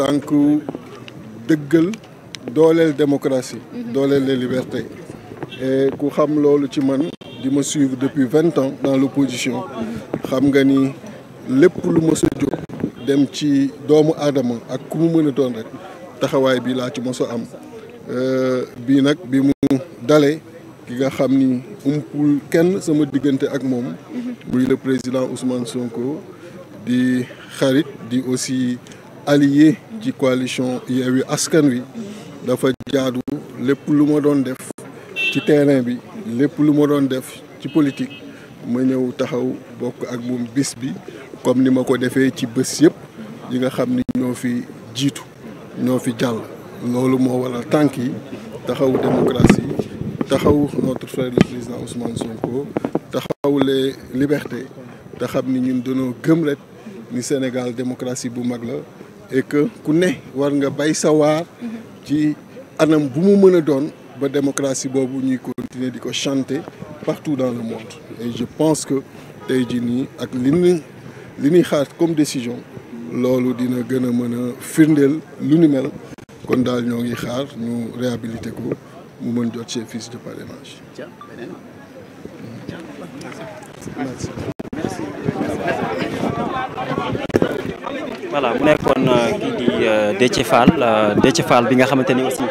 tànku dëggal dooleel démocratie mhm. dooleel les libertés e ku xam loolu ci man di ma suivre depuis vingt ans dans l'opposition mhm. xam nga ni lépp lu mos a jóg dem ci doomu aadama ak ku mu doon rek taxawaay bi laa ci mos a am euh, bii nag bi mu dalee ki nga xam ni umpul kenn sama diggante ak moom mhm. muy le président Ousmane Sonko di xarit di aussi allié ci coalition Yewwi Askan Wi dafa jaadu lépp lu ma doon def ci terrain bi lépp lu ma doon def ci politique ma ñëw taxaw bokk ak moom bis bi comme ni ma ko defee ci bés yëpp yi nga xam ni ñoo fi jiitu ñoo fi jàll loolu moo wala tànk yi taxaw démocratie taxaw notre frère le président Ousmane Sonko taxaw les libertés xam ni ñun dañoo gëm ni Sénégal démocratie bu mag la et que ku ne war nga bay sawaar ci anam bu mu mën a doon ba démocratie boobu ñuy continuer di ko chanter partout dans le monde et je pense que tey jii nii ak li ñu li ñuy xaar comme décision loolu dina gën a mën a firndeel lu ni mel kon daal ñoo ngi xaar ñu réhabilité ko mu mën jot ses fiches de parrainage. Merci. voilà mu nekkoon euh, kii di euh, Déthié Fall euh, Déthié Fall bi nga xamante ni aussi